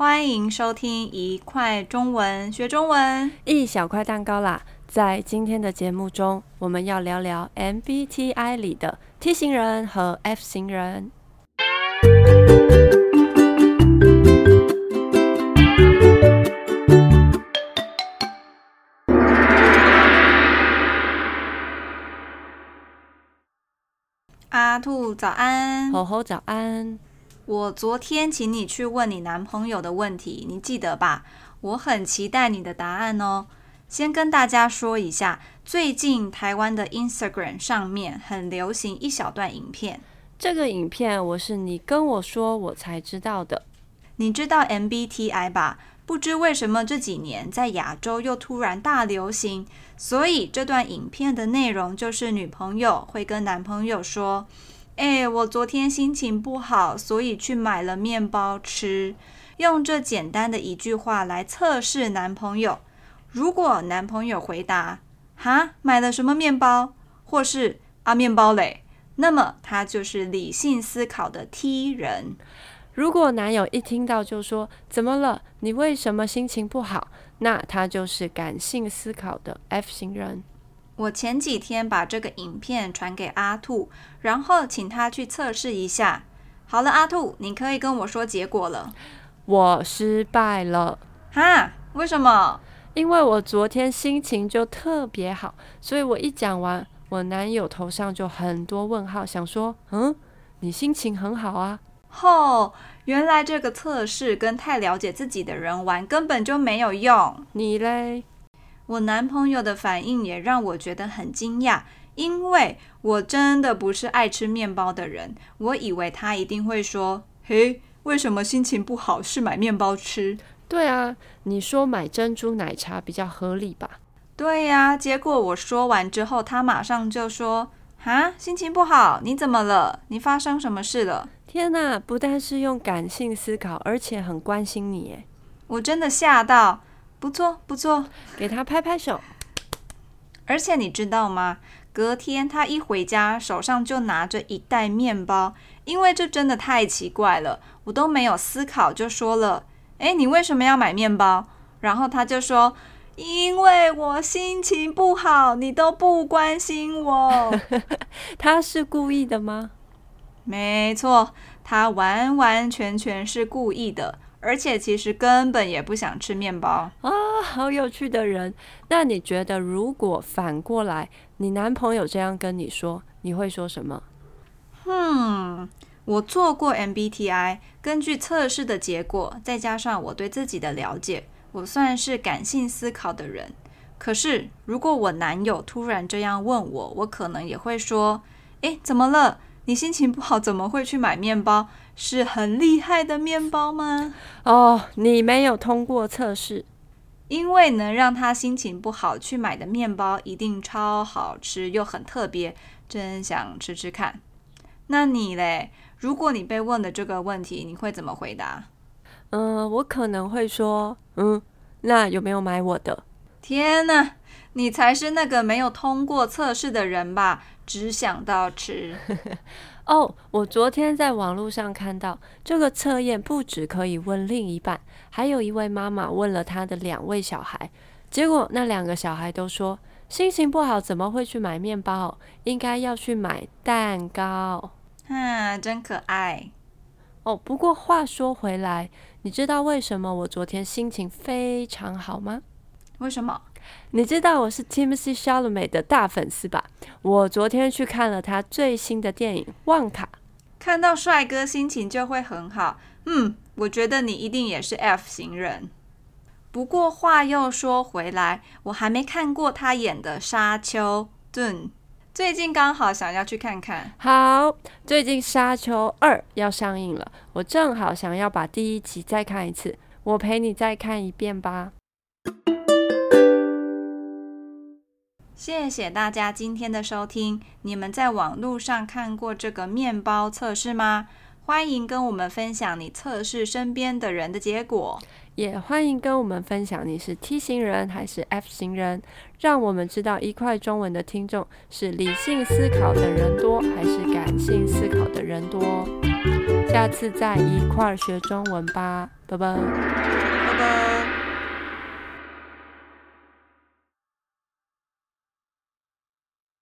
歡迎收聽一塊中文學中文，一小塊蛋糕啦！在今天的節目中，我們要聊聊 MBTI 裡的 T 型人和 F 型人。阿兔早安，猴猴早安。我昨天請你去問你男朋友的問題，你記得吧？我很期待你的答案哦。先跟大家說一下，最近台灣的 Instagram 上面很流行一小段影片。這個影片我是你跟我說我才知道的。你知道 MBTI 吧？不知為什麼這幾年在亞洲又突然大流行。所以這段影片的內容就是女朋友會跟男朋友說。哎、欸，我昨天心情不好，所以去買了麵包吃。用這簡單的一句話來測試男朋友，如果男朋友回答“哈，買了什麼麵包？”或是“啊，麵包嘞”，那麼他就是理性思考的 T 人；如果男友一聽到就說“怎麼了？你為什麼心情不好？”那他就是感性思考的 F 型人。我前幾天把這個影片傳給阿兔，然後請他去測試一下。好了，阿兔，你可以跟我說結果了。我失敗了。哈？為什麼？因為我昨天心情就特別好，所以我一講完，我男友頭上就很多問號，想說，嗯，你心情很好啊。吼，原來這個測試跟太了解自己的人玩，根本就沒有用。你嘞？我男朋友的反應也讓我覺得很驚訝，因為我真的不是愛吃麵包的人。我以為他一定會說：“嘿，為什麼心情不好？是買麵包吃？”對啊，你說買珍珠奶茶比較合理吧？對呀，結果我說完之後，他馬上就說：“哈，心情不好？你怎麼了？你發生什麼事了？”天哪，不但是用感性思考，而且很關心你，哎，我真的嚇到。不錯，不錯，給他拍拍手。而且你知道嗎？隔天他一回家，手上就拿着一袋麵包，因為這真的太奇怪了。我都沒有思考就說了：“哎，你為什麼要買麵包？”然後他就說：“因為我心情不好，你都不關心我。 ”他是故意的嗎？沒錯，他完完全全是故意的。而且其實根本也不想吃麵包啊。哦，好有趣的人。那你覺得，如果反過來，你男朋友這樣跟你說，你會說什麼？哼，嗯，我做過 MBTI，根據測試的結果，再加上我對自己的了解，我算是感性思考的人。可是，如果我男友突然這樣問我，我可能也會說：“哎，怎麼了？”你心情不好怎麼會去買麵包？是很厲害的麵包嗎？哦，你沒有通過測試，因為能讓他心情不好去買的麵包一定超好吃又很特別，真想吃吃看。那你嘞？如果你被問的這個問題，你會怎麼回答？嗯、呃，我可能會說，嗯，那有沒有買我的？天哪，你才是那個沒有通過測試的人吧？只想到吃哦！ oh, 我昨天在網路上看到這個測驗，不只可以問另一半，還有一位媽媽問了她的兩位小孩，結果那兩個小孩都說心情不好，怎麼會去買麵包哦？應該要去買蛋糕。嗯，真可愛。哦，不過話說回來，你知道為什麼我昨天心情非常好嗎？為什麼？你知道我是 Timothy Chalamet 的大粉絲吧？我昨天去看了他最新的電影《旺卡》，看到帥哥心情就會很好。嗯，我覺得你一定也是 F 型人。不過話又說回來，我還沒看過他演的《沙丘》。頓，最近剛好想要去看看。好，最近《沙丘二》要上映了，我正好想要把第一集再看一次。我陪你再看一遍吧。謝謝大家今天的收聽。你們在網路上看過這個麵包測試嗎？歡迎跟我們分享你測試身邊的人的結果，也歡迎跟我們分享你是 T 型人還是 F 型人，讓我們知道一塊中文的聽眾是理性思考的人多還是感性思考的人多。下次再一塊學中文吧，拜拜。